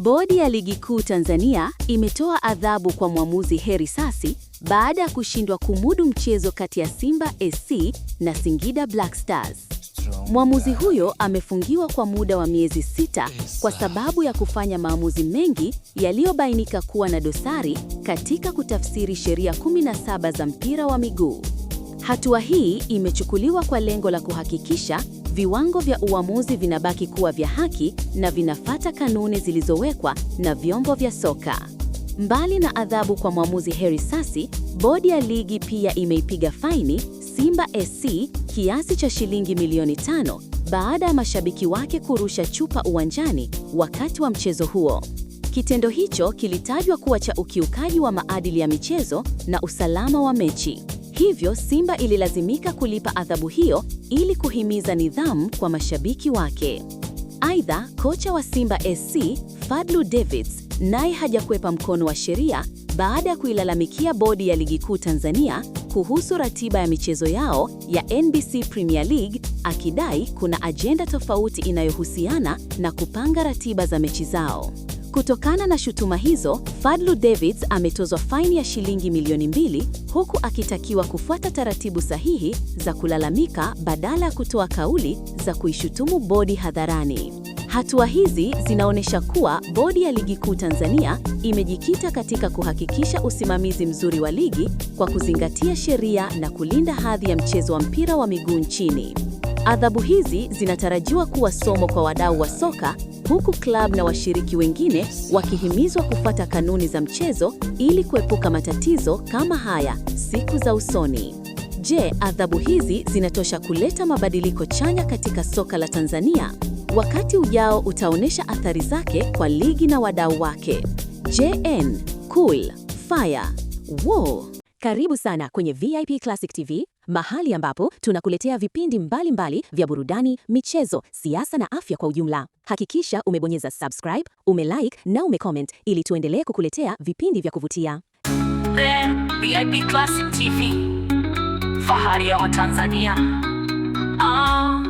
Bodi ya Ligi Kuu Tanzania imetoa adhabu kwa mwamuzi Heri Sasi baada ya kushindwa kumudu mchezo kati ya Simba SC na Singida Black Stars. Mwamuzi huyo amefungiwa kwa muda wa miezi sita kwa sababu ya kufanya maamuzi mengi yaliyobainika kuwa na dosari katika kutafsiri sheria 17 za mpira wa miguu. Hatua hii imechukuliwa kwa lengo la kuhakikisha viwango vya uamuzi vinabaki kuwa vya haki na vinafata kanuni zilizowekwa na vyombo vya soka. Mbali na adhabu kwa mwamuzi Heri Sasi, bodi ya ligi pia imeipiga faini Simba SC kiasi cha shilingi milioni tano baada ya mashabiki wake kurusha chupa uwanjani wakati wa mchezo huo. Kitendo hicho kilitajwa kuwa cha ukiukaji wa maadili ya michezo na usalama wa mechi. Hivyo Simba ililazimika kulipa adhabu hiyo ili kuhimiza nidhamu kwa mashabiki wake. Aidha, kocha wa Simba SC Fadlu Davids naye hajakwepa mkono wa sheria baada ya kuilalamikia bodi ya ligi kuu Tanzania kuhusu ratiba ya michezo yao ya NBC Premier League akidai kuna ajenda tofauti inayohusiana na kupanga ratiba za mechi zao. Kutokana na shutuma hizo, Fadlu Davids ametozwa faini ya shilingi milioni mbili huku akitakiwa kufuata taratibu sahihi za kulalamika badala ya kutoa kauli za kuishutumu bodi hadharani. Hatua hizi zinaonyesha kuwa Bodi ya Ligi Kuu Tanzania imejikita katika kuhakikisha usimamizi mzuri wa ligi kwa kuzingatia sheria na kulinda hadhi ya mchezo wa mpira wa miguu nchini. Adhabu hizi zinatarajiwa kuwa somo kwa wadau wa soka huku klabu na washiriki wengine wakihimizwa kufuata kanuni za mchezo ili kuepuka matatizo kama haya siku za usoni. Je, adhabu hizi zinatosha kuleta mabadiliko chanya katika soka la Tanzania? Wakati ujao utaonyesha athari zake kwa ligi na wadau wake. JN, Cool, Fire, Wo. Karibu sana kwenye VIP Classic TV mahali ambapo tunakuletea vipindi mbalimbali mbali vya burudani, michezo, siasa na afya kwa ujumla. Hakikisha umebonyeza subscribe, umelike na umecomment ili tuendelee kukuletea vipindi vya kuvutia. Then, VIP Classic TV. Fahari ya Watanzania. Ah.